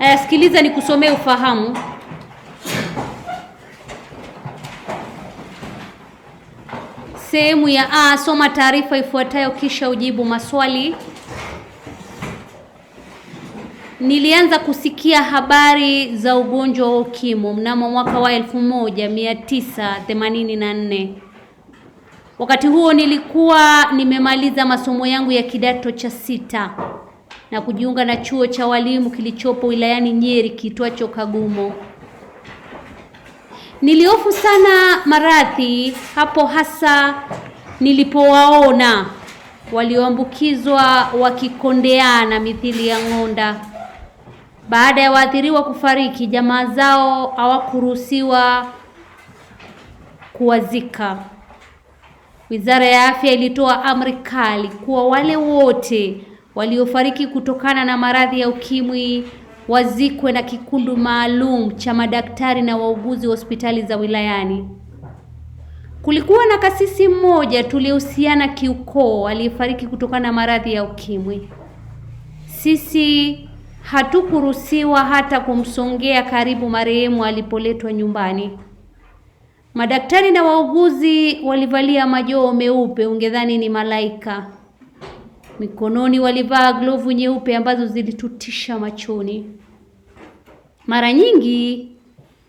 Aya, eh, sikiliza nikusomee ufahamu. Sehemu ya A, soma taarifa ifuatayo kisha ujibu maswali. Nilianza kusikia habari za ugonjwa wa ukimwi mnamo mwaka wa 1984. Wakati huo nilikuwa nimemaliza masomo yangu ya kidato cha sita na kujiunga na chuo cha walimu kilichopo wilayani Nyeri kiitwacho Kagumo. Niliofu sana maradhi hapo, hasa nilipowaona walioambukizwa wakikondeana mithili ya ng'onda. Baada ya waathiriwa kufariki, jamaa zao hawakuruhusiwa kuwazika. Wizara ya Afya ilitoa amri kali kuwa wale wote waliofariki kutokana na maradhi ya ukimwi wazikwe na kikundi maalum cha madaktari na wauguzi wa hospitali za wilayani. Kulikuwa na kasisi mmoja tuliohusiana kiukoo aliyefariki kutokana na maradhi ya ukimwi. Sisi hatukuruhusiwa hata kumsongea karibu marehemu alipoletwa nyumbani. Madaktari na wauguzi walivalia majoo meupe, ungedhani ni malaika. Mikononi walivaa glovu nyeupe ambazo zilitutisha machoni. Mara nyingi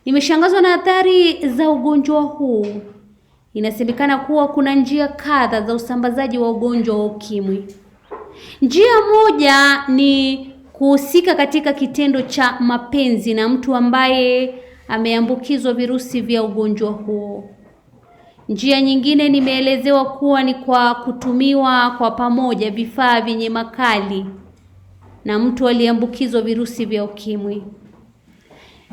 nimeshangazwa na athari za ugonjwa huu. Inasemekana kuwa kuna njia kadha za usambazaji wa ugonjwa wa ukimwi. Njia moja ni kuhusika katika kitendo cha mapenzi na mtu ambaye ameambukizwa virusi vya ugonjwa huo. Njia nyingine nimeelezewa kuwa ni kwa kutumiwa kwa pamoja vifaa vyenye makali na mtu aliyeambukizwa virusi vya ukimwi.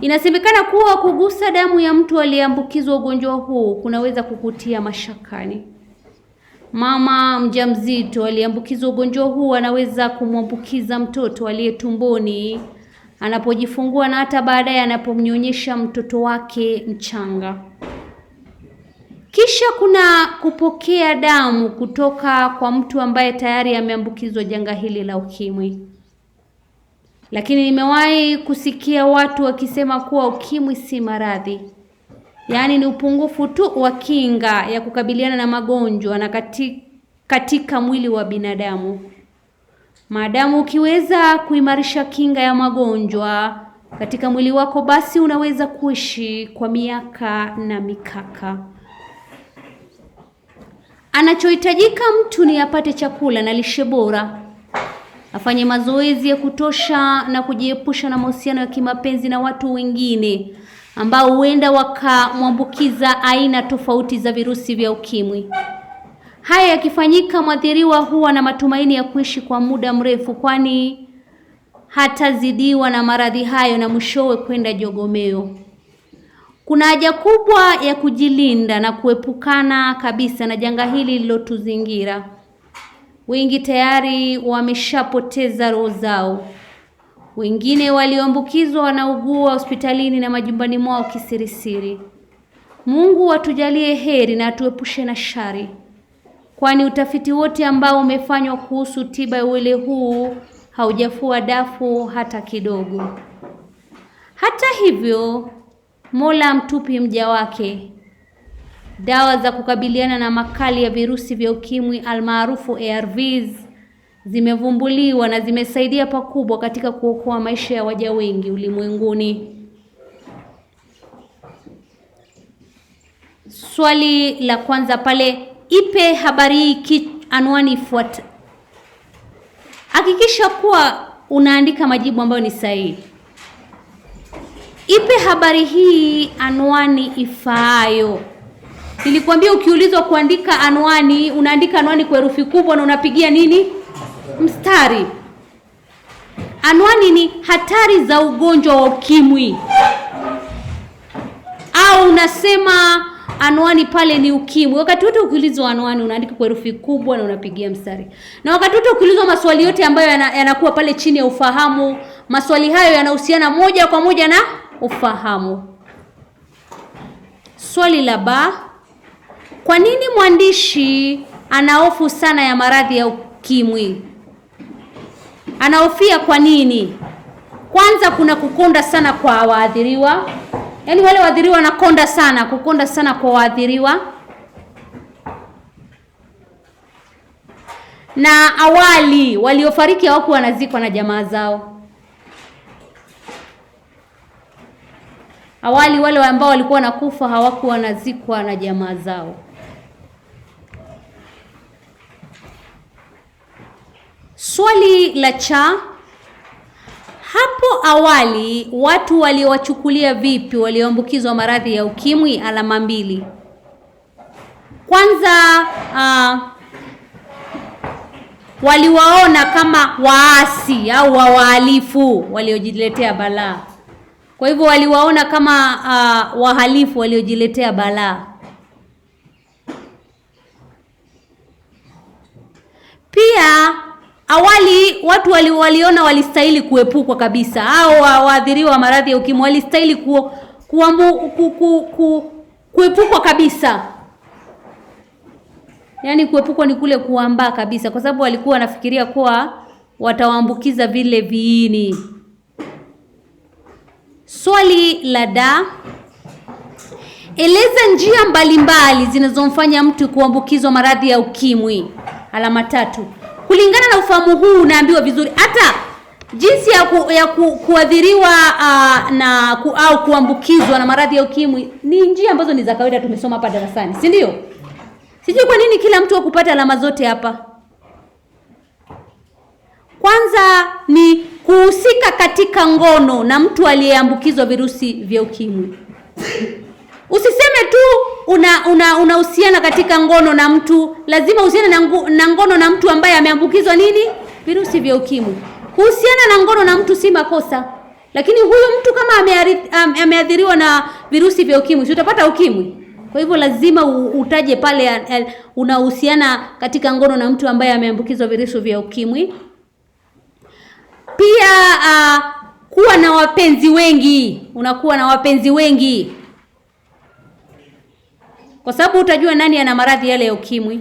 Inasemekana kuwa kugusa damu ya mtu aliyeambukizwa ugonjwa huu kunaweza kukutia mashakani. Mama mjamzito aliyeambukizwa ugonjwa huu anaweza kumwambukiza mtoto aliye tumboni anapojifungua na hata baadaye anapomnyonyesha mtoto wake mchanga. Kisha kuna kupokea damu kutoka kwa mtu ambaye tayari ameambukizwa janga hili la ukimwi. Lakini nimewahi kusikia watu wakisema kuwa ukimwi si maradhi, yaani ni upungufu tu wa kinga ya kukabiliana na magonjwa na katika, katika mwili wa binadamu. Maadamu ukiweza kuimarisha kinga ya magonjwa katika mwili wako, basi unaweza kuishi kwa miaka na mikaka. Anachohitajika mtu ni apate chakula na lishe bora, afanye mazoezi ya kutosha na kujiepusha na mahusiano ya kimapenzi na watu wengine ambao huenda wakamwambukiza aina tofauti za virusi vya ukimwi. Haya yakifanyika, mwathiriwa huwa na matumaini ya kuishi kwa muda mrefu, kwani hatazidiwa na maradhi hayo na mwishowe kwenda jogomeo. Kuna haja kubwa ya kujilinda na kuepukana kabisa na janga hili lililotuzingira. Wengi tayari wameshapoteza roho zao, wengine walioambukizwa wanaugua hospitalini na majumbani mwao kisirisiri. Mungu atujalie heri na atuepushe na shari, kwani utafiti wote ambao umefanywa kuhusu tiba ya uwele huu haujafua dafu hata kidogo. Hata hivyo Mola mtupi mja wake dawa za kukabiliana na makali ya virusi vya ukimwi almaarufu ARVs zimevumbuliwa na zimesaidia pakubwa katika kuokoa maisha ya waja wengi ulimwenguni. Swali la kwanza pale, ipe habari hii anwani ifuata. Hakikisha kuwa unaandika majibu ambayo ni sahihi. Ipe habari hii anwani ifaayo. Nilikwambia ukiulizwa kuandika anwani, unaandika anwani kwa herufi kubwa na unapigia nini? Mstari. Anwani ni hatari za ugonjwa wa ukimwi, au unasema anwani pale ni ukimwi. Wakati wote ukiulizwa anwani, unaandika kwa herufi kubwa na unapigia mstari, na wakati wote ukiulizwa maswali yote ambayo yanakuwa yana pale chini ya ufahamu, maswali hayo yanahusiana moja kwa moja na ufahamu. Swali la ba, kwa nini mwandishi ana hofu sana ya maradhi ya ukimwi? Anahofia kwa nini? Kwanza kuna kukonda sana kwa waathiriwa, yaani wale waathiriwa wanakonda sana, kukonda sana kwa waathiriwa. Na awali waliofariki hawakuwa wanazikwa na jamaa zao. Awali wale ambao walikuwa wanakufa hawakuwa wanazikwa na jamaa zao. Swali la cha hapo awali, watu waliowachukulia vipi walioambukizwa maradhi ya ukimwi? Alama mbili. Kwanza uh, waliwaona kama waasi au wawaalifu waliojiletea balaa. Kwa hivyo waliwaona kama uh, wahalifu waliojiletea balaa. Pia awali watu wali, waliona walistahili kuepukwa kabisa, au waathiriwa wa maradhi ya ukimwi walistahili ku, ku, ku, ku, ku, kuepukwa kabisa. Yaani kuepukwa ni kule kuambaa kabisa, kwa sababu walikuwa wanafikiria kuwa watawaambukiza vile viini. Swali la da, eleza njia mbalimbali zinazomfanya mtu kuambukizwa maradhi ya ukimwi. Alama tatu. Kulingana na ufahamu huu unaambiwa vizuri hata jinsi ya, ku, ya ku, kuadhiriwa uh, na ku, au kuambukizwa na maradhi ya ukimwi ni njia ambazo ni za kawaida, tumesoma hapa darasani, si ndio? Sijui kwa nini kila mtu akupata alama zote hapa. Kwanza ni kuhusika katika ngono na mtu aliyeambukizwa virusi vya ukimwi. Usiseme tu unahusiana una, una katika ngono na mtu, lazima uhusiane na ngono na mtu ambaye ameambukizwa nini, virusi vya ukimwi. Kuhusiana na ngono na mtu si makosa, lakini huyu mtu kama ameathiriwa na virusi vya ukimwi, si utapata ukimwi? Kwa hivyo lazima utaje pale eh, unahusiana katika ngono na mtu ambaye ameambukizwa virusi vya ukimwi pia uh, kuwa na wapenzi wengi, unakuwa na wapenzi wengi kwa sababu utajua nani ana maradhi yale ya ukimwi.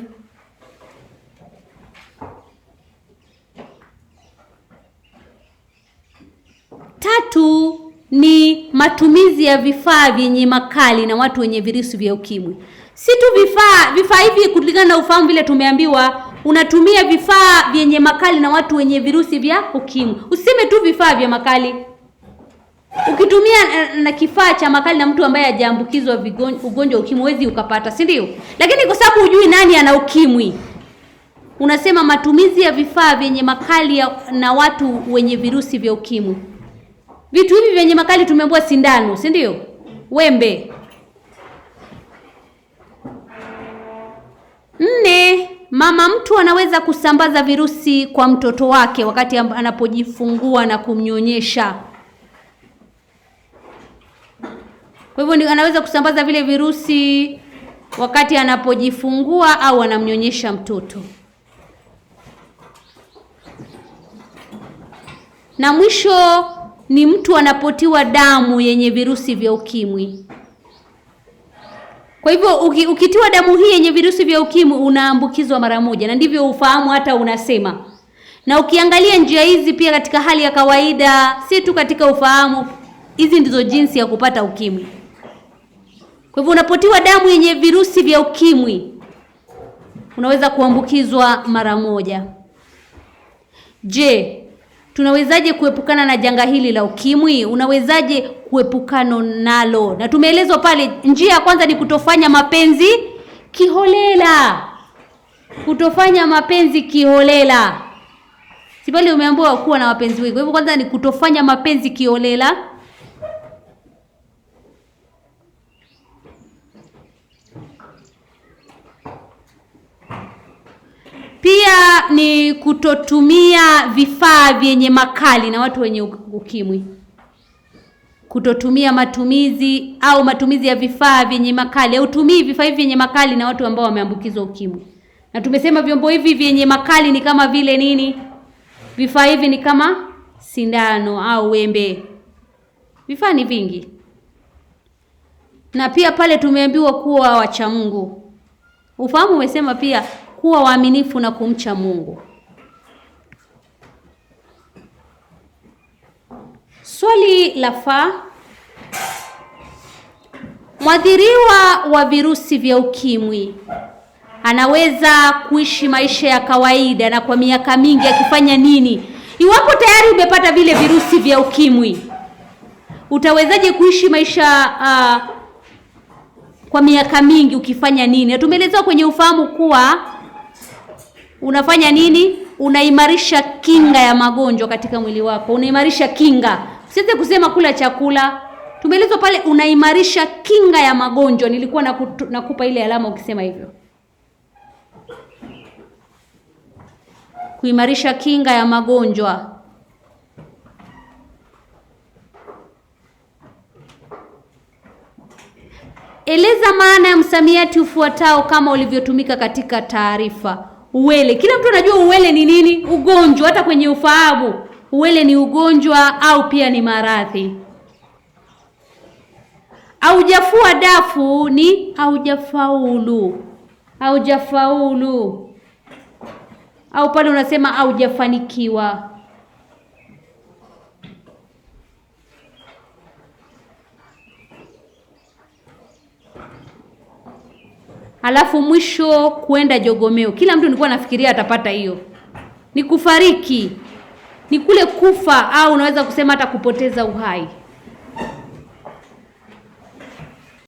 Tatu ni matumizi ya vifaa vyenye makali na watu wenye virusi vya ukimwi si tu vifaa vifaa hivi, kulingana na ufahamu vile tumeambiwa, unatumia vifaa vyenye makali na watu wenye virusi vya ukimwi. Usiseme tu vifaa vya makali. Ukitumia eh, na kifaa cha makali na mtu ambaye hajaambukizwa ugonjwa ukimwi, huwezi ukapata, si ndio? Lakini kwa sababu hujui nani ana ukimwi, unasema matumizi ya vifaa vyenye makali ya, na watu wenye virusi vya ukimwi. Vitu hivi vyenye makali tumeambiwa sindano, si ndio? Wembe Nne, mama mtu anaweza kusambaza virusi kwa mtoto wake wakati anapojifungua na kumnyonyesha. Kwa hivyo anaweza kusambaza vile virusi wakati anapojifungua au anamnyonyesha mtoto. Na mwisho ni mtu anapotiwa damu yenye virusi vya ukimwi. Kwa hivyo uki, ukitiwa damu hii yenye virusi vya ukimwi unaambukizwa mara moja, na ndivyo ufahamu hata unasema. Na ukiangalia njia hizi pia katika hali ya kawaida, si tu katika ufahamu, hizi ndizo jinsi ya kupata ukimwi. Kwa hivyo unapotiwa damu yenye virusi vya ukimwi unaweza kuambukizwa mara moja. Je, tunawezaje kuepukana na janga hili la ukimwi? Unawezaje kuepukano nalo, na tumeelezwa pale, njia ya kwanza ni kutofanya mapenzi kiholela, kutofanya mapenzi kiholela. Si pale umeambiwa kuwa na wapenzi wengi? Kwa hivyo kwanza ni kutofanya mapenzi kiholela. Pia ni kutotumia vifaa vyenye makali na watu wenye ukimwi kutotumia matumizi au matumizi ya vifaa vyenye makali au tumii vifaa hivi vyenye makali na watu ambao wameambukizwa ukimwi. Na tumesema vyombo hivi vyenye makali ni kama vile nini? Vifaa hivi ni kama sindano au wembe. Vifaa ni vingi, na pia pale tumeambiwa kuwa wacha Mungu. Ufahamu umesema pia kuwa waaminifu na kumcha Mungu. Swali la fa, mwathiriwa wa virusi vya ukimwi anaweza kuishi maisha ya kawaida na kwa miaka mingi akifanya nini? Iwapo tayari umepata vile virusi vya ukimwi, utawezaje kuishi maisha uh, kwa miaka mingi ukifanya nini? tumeelezewa kwenye ufahamu kuwa unafanya nini? Unaimarisha kinga ya magonjwa katika mwili wako, unaimarisha kinga Sianze kusema kula chakula. Tumeelezwa pale unaimarisha kinga ya magonjwa. Nilikuwa nakutu, nakupa ile alama ukisema hivyo. Kuimarisha kinga ya magonjwa. Eleza maana ya msamiati ufuatao kama ulivyotumika katika taarifa. Uwele. Kila mtu anajua uwele ni nini? Ugonjwa hata kwenye ufahamu uwele ni ugonjwa au pia ni maradhi. Aujafua dafu ni aujafaulu, aujafaulu au pale unasema aujafanikiwa. Alafu mwisho, kuenda jogomeo. Kila mtu nilikuwa nafikiria atapata hiyo, ni kufariki ni kule kufa au unaweza kusema hata kupoteza uhai.